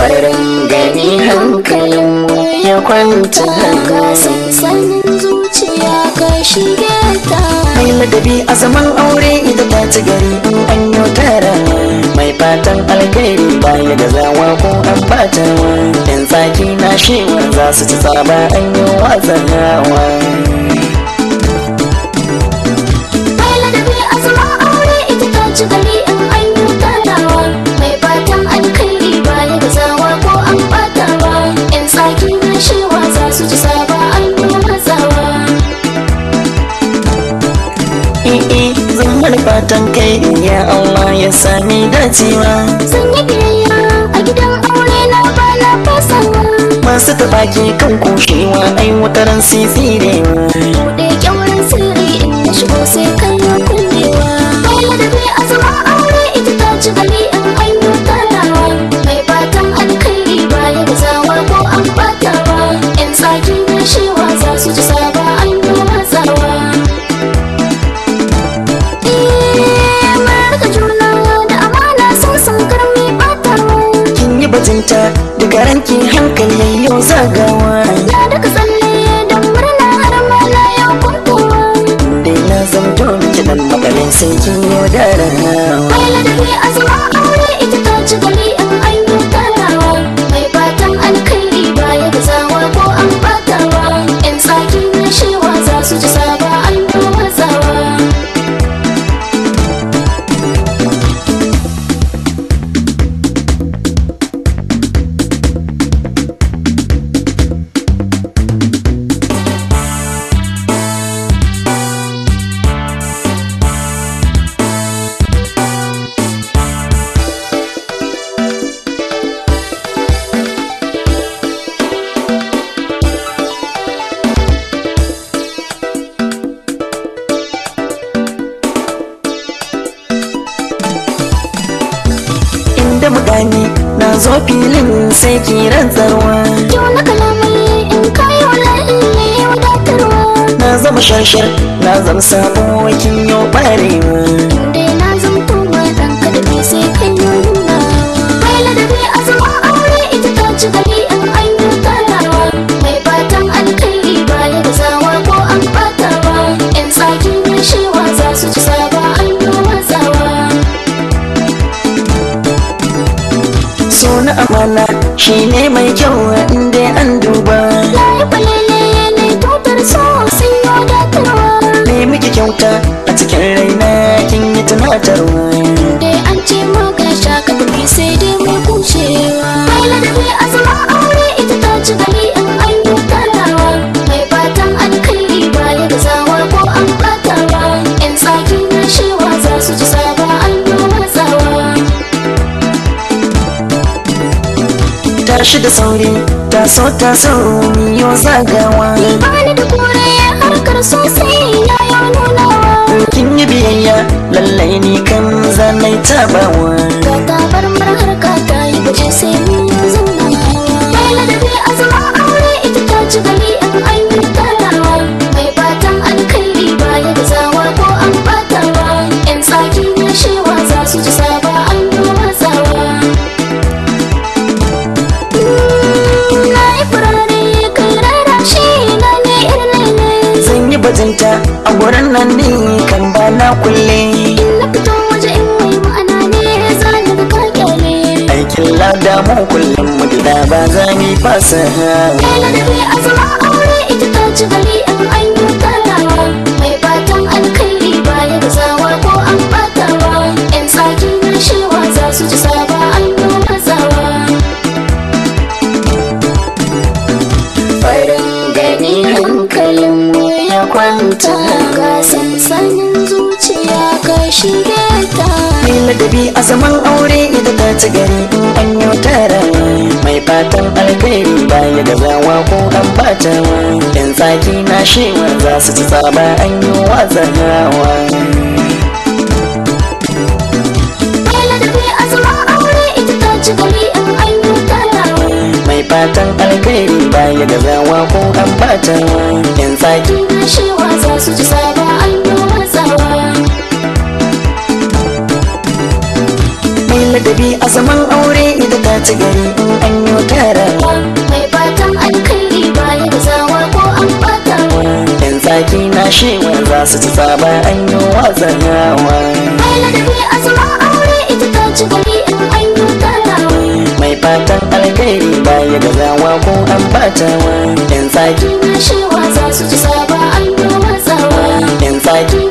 farin gani hankalin ya kwanta sansanin zuciya ka shige ta mai ladabi a zaman aure idan ta ci gari in an yi tara mai fatan alkhairi baya da zawa ko an wa yan tsaki na shewa za su ci ba, an yi wa zanawa. fatan kai ya Allah ya sami dacewa sanya biyayya a gidan aure na bana na fasawa masu tabaki kan kushewa ai wataran sisi ne ta duka garanki hankali yau zagawa mugani na zo filin sai ki rantsarwa yau na kalamai in kayi wallahi ne wadatarwa na zama shashar na zama sabo kin yau barewa so amana shi ne mai kyau inda an duba layi kwalele ne tutar so sai ya datarwa ne miki kyauta a cikin raina kin yi tunatarwa tashi da sauri taso taso yo zagawa bani da ya harkar sosai ya ya nuna wa. kin yi biyayya lallai ni kan zanai tabawa ga gabar mar harka ta yi guje sai Killa da mu kullum mu gida ba za mu fasa. Kila da mai azama aure ita ta ci bari in an yi karawa. Mai fatan alkhairi ba ya gazawa ko an batawa. Yan tsakin rashewa za su ci saba an yi Farin gani hankalin mu ya kwanta. Ga zuciya ka shige ta. akwai ladabi a zaman aure ita ta ci gari in an yi tara mai fatan alkhairi baya zawa ko an bata yan tsaki na shewa za su ci tsaba an yi wazanawa mai fatan alkhairi baya wa ko an bata yan tsaki na shewa za su za su ci saba an yi wasanawa mai a zama aure ita ta ci gari in an yi karawa mai fatan alkhairi ba ya gazawa ko an batawa yan tsaki na shewa za su ci saba an yi matsawa